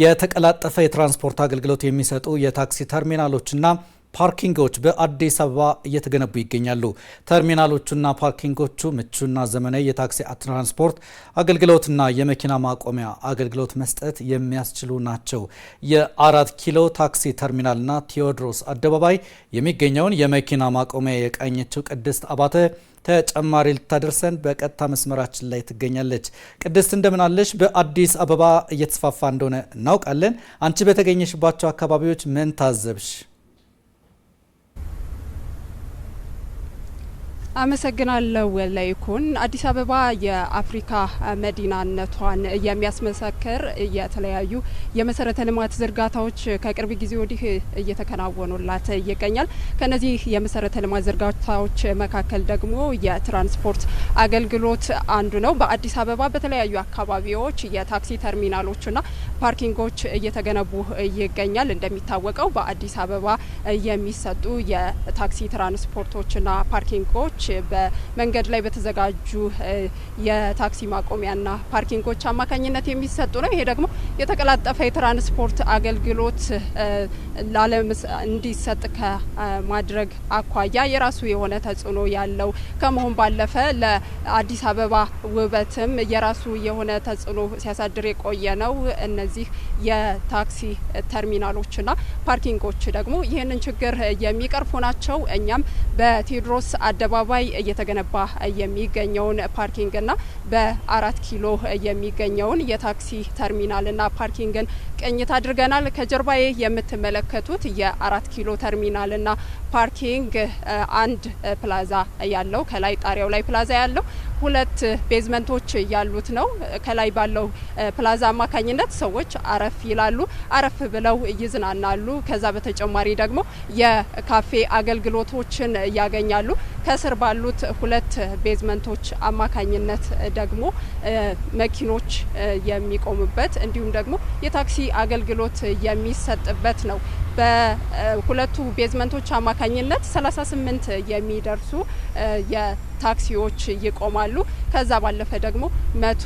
የተቀላጠፈ የትራንስፖርት አገልግሎት የሚሰጡ የታክሲ ተርሚናሎችና ፓርኪንጎች በአዲስ አበባ እየተገነቡ ይገኛሉ። ተርሚናሎቹና ፓርኪንጎቹ ምቹና ዘመናዊ የታክሲ ትራንስፖርት አገልግሎትና የመኪና ማቆሚያ አገልግሎት መስጠት የሚያስችሉ ናቸው። የአራት ኪሎ ታክሲ ተርሚናልና ቴዎድሮስ አደባባይ የሚገኘውን የመኪና ማቆሚያ የቃኘችው ቅድስት አባተ ተጨማሪ ልታደርሰን በቀጥታ መስመራችን ላይ ትገኛለች። ቅድስት እንደምናለሽ። በአዲስ አበባ እየተስፋፋ እንደሆነ እናውቃለን። አንቺ በተገኘሽባቸው አካባቢዎች ምን ታዘብሽ? አመሰግናለሁ ለይኩን። አዲስ አበባ የአፍሪካ መዲናነቷን የሚያስመሰክር የተለያዩ የመሰረተ ልማት ዝርጋታዎች ከቅርብ ጊዜ ወዲህ እየተከናወኑላት ይገኛል። ከነዚህ የመሰረተ ልማት ዝርጋታዎች መካከል ደግሞ የትራንስፖርት አገልግሎት አንዱ ነው። በአዲስ አበባ በተለያዩ አካባቢዎች የታክሲ ተርሚናሎችና ፓርኪንጎች እየተገነቡ ይገኛል። እንደሚታወቀው በአዲስ አበባ የሚሰጡ የታክሲ ትራንስፖርቶችና ፓርኪንጎች በመንገድ ላይ በተዘጋጁ የታክሲ ማቆሚያና ፓርኪንጎች አማካኝነት የሚሰጡ ነው። ይሄ ደግሞ የተቀላጠፈ የትራንስፖርት አገልግሎት ላለም እንዲሰጥ ከማድረግ አኳያ የራሱ የሆነ ተጽዕኖ ያለው ከመሆን ባለፈ ለአዲስ አበባ ውበትም የራሱ የሆነ ተጽዕኖ ሲያሳድር የቆየ ነው። እነዚህ የታክሲ ተርሚናሎችና ፓርኪንጎች ደግሞ ይህንን ችግር የሚቀርፉ ናቸው። እኛም በቴዎድሮስ አደባባይ አደባባይ እየተገነባ የሚገኘውን ፓርኪንግና በአራት ኪሎ የሚገኘውን የታክሲ ተርሚናልና ፓርኪንግን ቅኝት አድርገናል። ከጀርባዬ የምትመለከቱት የአራት ኪሎ ተርሚናልና ፓርኪንግ አንድ ፕላዛ ያለው ከላይ ጣሪያው ላይ ፕላዛ ያለው ሁለት ቤዝመንቶች ያሉት ነው። ከላይ ባለው ፕላዛ አማካኝነት ሰዎች አረፍ ይላሉ፣ አረፍ ብለው ይዝናናሉ። ከዛ በተጨማሪ ደግሞ የካፌ አገልግሎቶችን ያገኛሉ። ከስር ባሉት ሁለት ቤዝመንቶች አማካኝነት ደግሞ መኪኖች የሚቆሙበት እንዲሁም ደግሞ የታክሲ አገልግሎት የሚሰጥበት ነው። በሁለቱ ቤዝመንቶች አማካኝነት 38 የሚደርሱ የታክሲዎች ይቆማሉ። ከዛ ባለፈ ደግሞ መቶ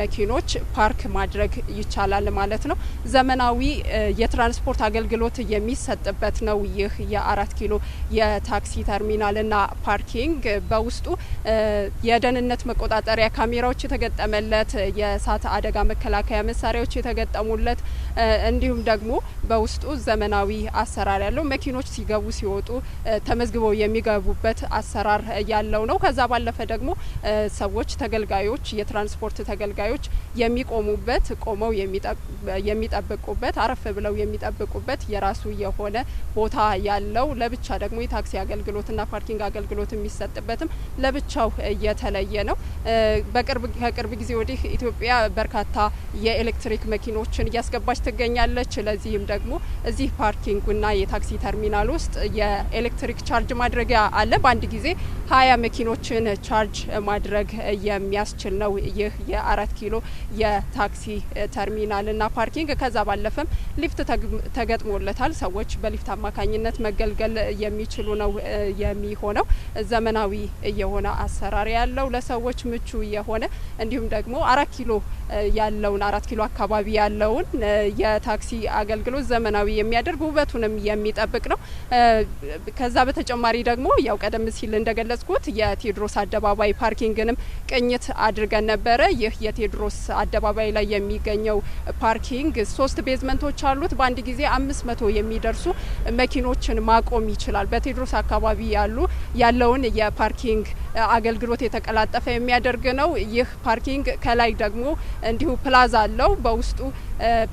መኪኖች ፓርክ ማድረግ ይቻላል ማለት ነው። ዘመናዊ የትራንስፖርት አገልግሎት የሚሰጥበት ነው። ይህ የአራት ኪሎ የታክሲ ተርሚናልና ፓርኪንግ በውስጡ የደህንነት መቆጣጠሪያ ካሜራዎች የተገጠመለት፣ የእሳት አደጋ መከላከያ መሳሪያዎች የተገጠሙለት እንዲሁም ደግሞ በውስጡ ዘመናዊ ዘመናዊ አሰራር ያለው መኪኖች ሲገቡ ሲወጡ ተመዝግበው የሚገቡበት አሰራር ያለው ነው። ከዛ ባለፈ ደግሞ ሰዎች ተገልጋዮች፣ የትራንስፖርት ተገልጋዮች የሚቆሙበት ቆመው የሚጠብቁበት አረፍ ብለው የሚጠብቁበት የራሱ የሆነ ቦታ ያለው ለብቻ ደግሞ የታክሲ አገልግሎትና ፓርኪንግ አገልግሎት የሚሰጥበትም ለብቻው የተለየ ነው። በቅርብ ከቅርብ ጊዜ ወዲህ ኢትዮጵያ በርካታ የኤሌክትሪክ መኪኖችን እያስገባች ትገኛለች። ለዚህም ደግሞ እዚህ ፓርኪንጉና የታክሲ ተርሚናል ውስጥ የኤሌክትሪክ ቻርጅ ማድረጊያ አለ። በአንድ ጊዜ ሀያ መኪኖችን ቻርጅ ማድረግ የሚያስችል ነው ይህ የአራት ኪሎ የታክሲ ተርሚናልና ፓርኪንግ። ከዛ ባለፈም ሊፍት ተገጥሞለታል። ሰዎች በሊፍት አማካኝነት መገልገል የሚችሉ ነው የሚሆነው። ዘመናዊ የሆነ አሰራር ያለው ለሰዎች ምቹ የሆነ እንዲሁም ደግሞ አራት ኪሎ ያለውን አራት ኪሎ አካባቢ ያለውን የታክሲ አገልግሎት ዘመናዊ የሚያደርግ ውበቱንም የሚጠብቅ ነው። ከዛ በተጨማሪ ደግሞ ያው ቀደም ሲል እንደገለጽኩት የቴዎድሮስ አደባባይ ፓርኪንግንም ቅኝት አድርገን ነበረ። ይህ የቴዎድሮስ አደባባይ ላይ የሚገኘው ፓርኪንግ ሶስት ቤዝመንቶች አሉት። በአንድ ጊዜ አምስት መቶ የሚደርሱ መኪኖችን ማቆም ይችላል። በቴዎድሮስ አካባቢ ያሉ ያለውን የፓርኪንግ አገልግሎት የተቀላጠፈ የሚያደርግ ነው። ይህ ፓርኪንግ ከላይ ደግሞ እንዲሁ ፕላዛ አለው። በውስጡ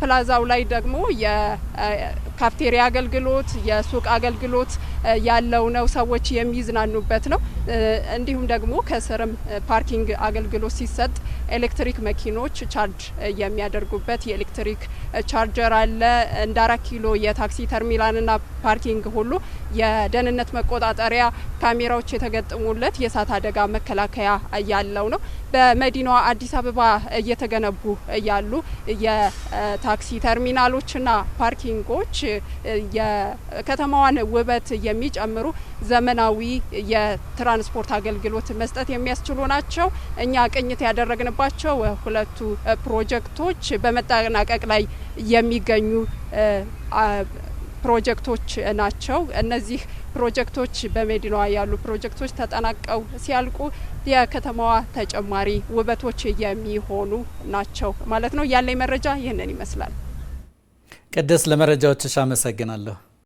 ፕላዛው ላይ ደግሞ የካፍቴሪያ አገልግሎት፣ የሱቅ አገልግሎት ያለው ነው። ሰዎች የሚዝናኑበት ነው። እንዲሁም ደግሞ ከስርም ፓርኪንግ አገልግሎት ሲሰጥ ኤሌክትሪክ መኪኖች ቻርጅ የሚያደርጉበት የኤሌክትሪክ ቻርጀር አለ። እንደ አራት ኪሎ የታክሲ ተርሚናልና ፓርኪንግ ሁሉ የደህንነት መቆጣጠሪያ ካሜራዎች የተገጠሙለት የእሳት አደጋ መከላከያ ያለው ነው። በመዲናዋ አዲስ አበባ እየተገነቡ ያሉ የታክሲ ተርሚናሎችና ፓርኪንጎች የከተማዋን ውበት የሚጨምሩ ዘመናዊ የትራንስፖርት አገልግሎት መስጠት የሚያስችሉ ናቸው። እኛ ቅኝት ያደረግንባ ያለባቸው ሁለቱ ፕሮጀክቶች በመጠናቀቅ ላይ የሚገኙ ፕሮጀክቶች ናቸው። እነዚህ ፕሮጀክቶች በመዲናዋ ያሉ ፕሮጀክቶች ተጠናቀው ሲያልቁ የከተማዋ ተጨማሪ ውበቶች የሚሆኑ ናቸው ማለት ነው። ያለኝ መረጃ ይህንን ይመስላል። ቅድስት፣ ለመረጃዎችሽ አመሰግናለሁ።